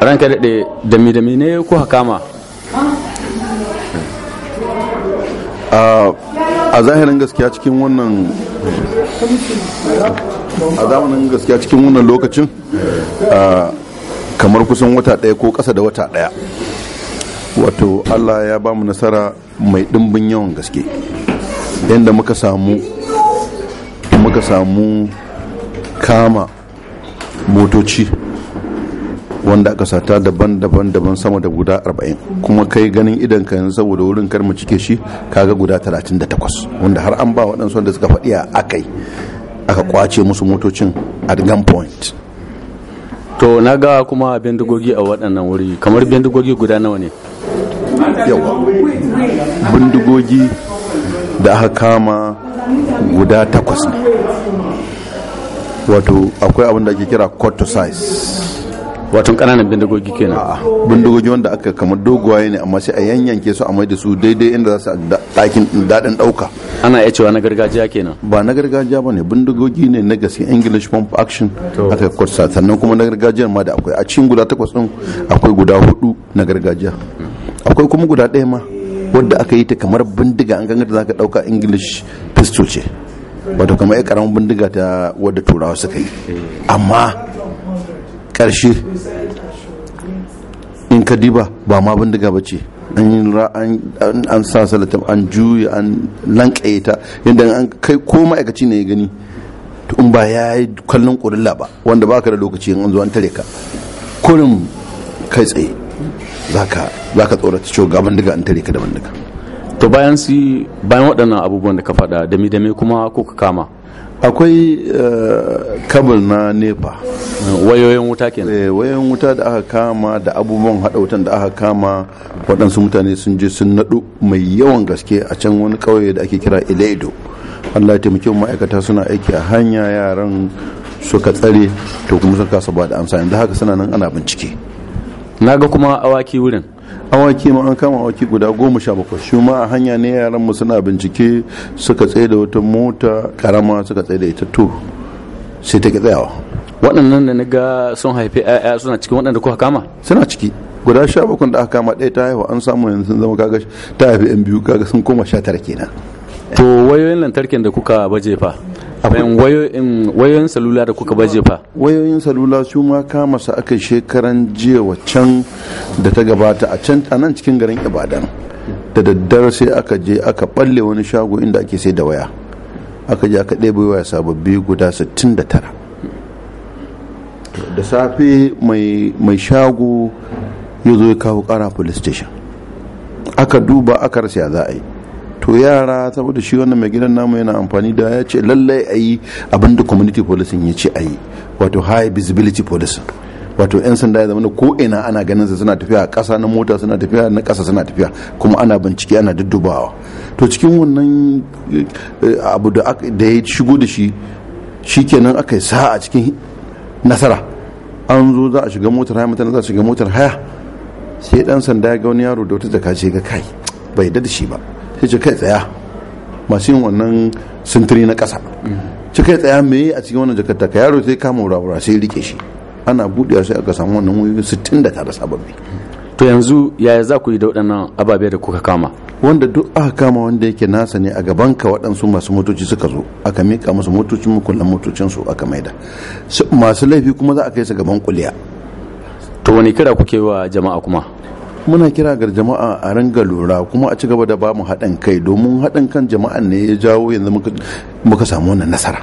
ranka daɗe dami-dami ne ko hakama a zahirin gaskiya cikin wannan a zamanin gaskiya cikin wannan lokacin kamar kusan wata ɗaya ko ƙasa da wata ɗaya wato allah ya ba mu nasara mai ɗimbin yawan gaske yadda muka samu muka samu kama motoci wanda aka sata daban daban daban sama da guda 40 kuma kai ganin idan ka yanzu saboda wurin kar cike shi kaga guda 38 wanda har an ba waɗansu wanda suka faɗi a akai aka kwace musu motocin at gunpoint to na ga kuma bindigogi a waɗannan wuri kamar bindigogi guda nawa ne yawa bindigogi da aka kama guda takwas ne wato akwai abin da ake kira court size wato kananan bindigogi kenan aa bindigogi wanda aka kama doguwa ne amma sai a yanyanke su a mai da su daidai inda za su dakin dadin dauka ana iya cewa na gargajiya kenan ba na gargajiya ba ne bindigogi ne na gaske english pump action aka kursa sannan kuma na gargajiyar ma da akwai a cikin guda takwas din akwai guda hudu na gargajiya akwai kuma guda daya ma wadda aka yi ta kamar bindiga an ganga da zaka dauka english pistol ce wato kamar ya karamin bindiga ta wadda turawa suka yi eh. amma karshe in ka diba ba ma bindiga ba ce an sa salata an juya an lankaye ta yadda an kai ko ma'aikaci ne ya gani in ba ya yi kallon kurilla ba wanda ba ka da lokaci an zo an tare ka kurin kai tsaye za ka tsorata cewa ga bindiga an tare ka da bindiga to bayan waɗannan abubuwan da ka faɗa dami-dami kuma ko ka kama akwai eh, kabul na nepa wayoyin wuta kenan eh, wayoyin wuta da aka kama da abubuwan hada wutan da aka kama waɗansu mutane sun je sun naɗu mai yawan gaske a can wani ƙauye da ake kira Ileido allah ya taimake ma'aikata suna aiki a hanya yaran suka tsare to kuma sun kasa ba da amsa yanzu haka suna nan ana bincike na ga kuma awaki wurin awaki ma an kama awaki guda goma sha bakwai shi ma a hanya ne yaran mu suna bincike suka tsaye da wata mota karama suka tsaye da ita to sai ta ki tsayawa waɗannan da na ga sun haifi 'ya'ya suna cikin waɗanda kuka kama suna ciki guda sha bakwai da aka kama ɗaya ta haihu an samu yanzu sun zama kaga ta haifi yan biyu kaga sun koma sha tara kenan to wayoyin lantarkin da kuka baje fa wayoyin salula da kuka baje fa wayoyin salula su ma kama su aka shekaran jiya waccan da ta gabata a can a nan cikin garin ibadan da daddare sai aka je aka balle wani shago inda ake sai da waya aka je aka ɗebe waya sababbi guda 69 da safe mai shago ya zo ya kawo kara police station aka duba aka rasa za a yi to yara saboda shi wannan mai gidan namu yana amfani da ya ce lallai a yi abinda da community policing ya ce a yi wato high visibility policing wato 'yan sanda ya zama ko ina ana ganin su suna tafiya kasa na mota suna tafiya na kasa suna tafiya kuma ana bincike ana duddubawa to cikin wannan eh, abu da ya shigo da shi kenan aka yi sa'a cikin nasara an zo za a shiga motar haya mutane za a shiga motar haya sai dan sanda ya ga wani yaro da wata jaka ce ga kai bai da shi ba sai ce kai tsaya masu yin wannan sintiri na ƙasa ce kai tsaya me a cikin wannan jakarta ka yaro sai kama wura sai rike shi ana buɗewa sai aka samu wannan wuyoyin sittin da sababbi to yanzu yaya za ku yi da waɗannan ababe da kuka kama wanda duk aka kama wanda yake nasa ne a gaban ka waɗansu masu motoci suka zo aka miƙa musu motocin mukullan motocin su aka maida masu laifi kuma za a kai su gaban kuliya to wani kira kuke wa jama'a kuma muna kira ga jama'a a ranga lura kuma a ci gaba da bamu haɗin kai domin haɗin kan jama'an ne ya jawo yanzu muka samu wannan nasara